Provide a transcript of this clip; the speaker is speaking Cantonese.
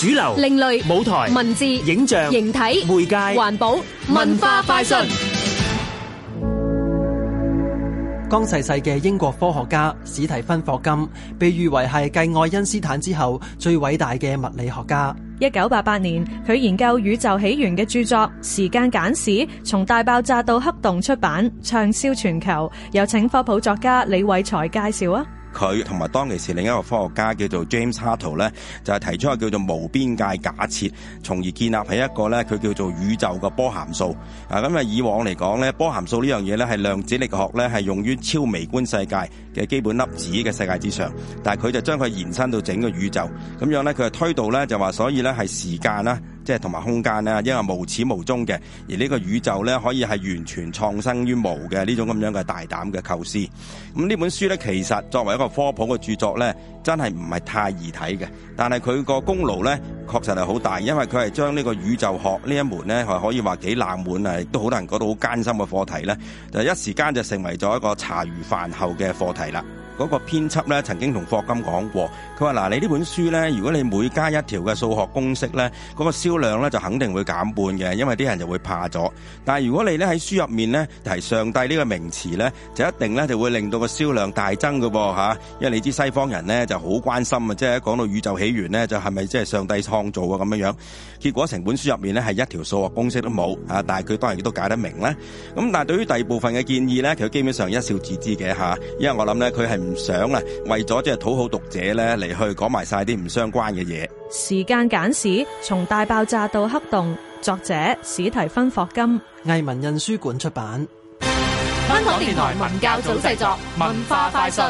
主流、另類舞台、文字、影像、形體、媒介、環保、文化、快訊。剛逝世嘅英國科學家史提芬霍金，被譽為係繼愛因斯坦之後最偉大嘅物理學家。一九八八年，佢研究宇宙起源嘅著作《時間簡史：從大爆炸到黑洞》出版，暢銷全球。有請科普作家李偉才介紹啊！佢同埋當其時另一個科學家叫做 James Hartle 咧，就係提出叫做無邊界假設，從而建立喺一個咧佢叫做宇宙嘅波函數。啊，咁、嗯、啊以往嚟講咧，波函數呢樣嘢咧係量子力學呢，咧係用於超微觀世界嘅基本粒子嘅世界之上，但係佢就將佢延伸到整個宇宙，咁樣咧佢就推導咧就話所以咧係時間啦。即係同埋空間咧，因為無始無終嘅，而呢個宇宙咧可以係完全創生於無嘅呢種咁樣嘅大膽嘅構思。咁呢本書咧其實作為一個科普嘅著作咧，真係唔係太易睇嘅。但係佢個功勞咧確實係好大，因為佢係將呢個宇宙學呢一門咧係可以話幾冷門，係都好難講到好艱深嘅課題呢，就一時間就成為咗一個茶餘飯後嘅課題啦。嗰個編輯咧曾經同霍金講過，佢話：嗱、啊，你呢本書呢，如果你每加一條嘅數學公式呢，嗰、那個銷量呢就肯定會減半嘅，因為啲人就會怕咗。但係如果你呢喺書入面咧提上帝呢個名詞呢，就一定呢就會令到個銷量大增嘅噃、啊、因為你知西方人呢就好關心啊，即、就、係、是、講到宇宙起源呢，就係咪即係上帝創造啊咁樣樣？結果成本書入面呢係一條數學公式都冇啊，但係佢當然都解得明呢。咁、啊、但係對於第二部分嘅建議呢，佢基本上一笑置之嘅嚇，因為我諗呢，佢係唔。唔想啊，為咗即係討好讀者咧，嚟去講埋晒啲唔相關嘅嘢。時間簡史：從大爆炸到黑洞，作者史提芬霍金，藝文印書館出版。香港電台文教組製作，文化快訊。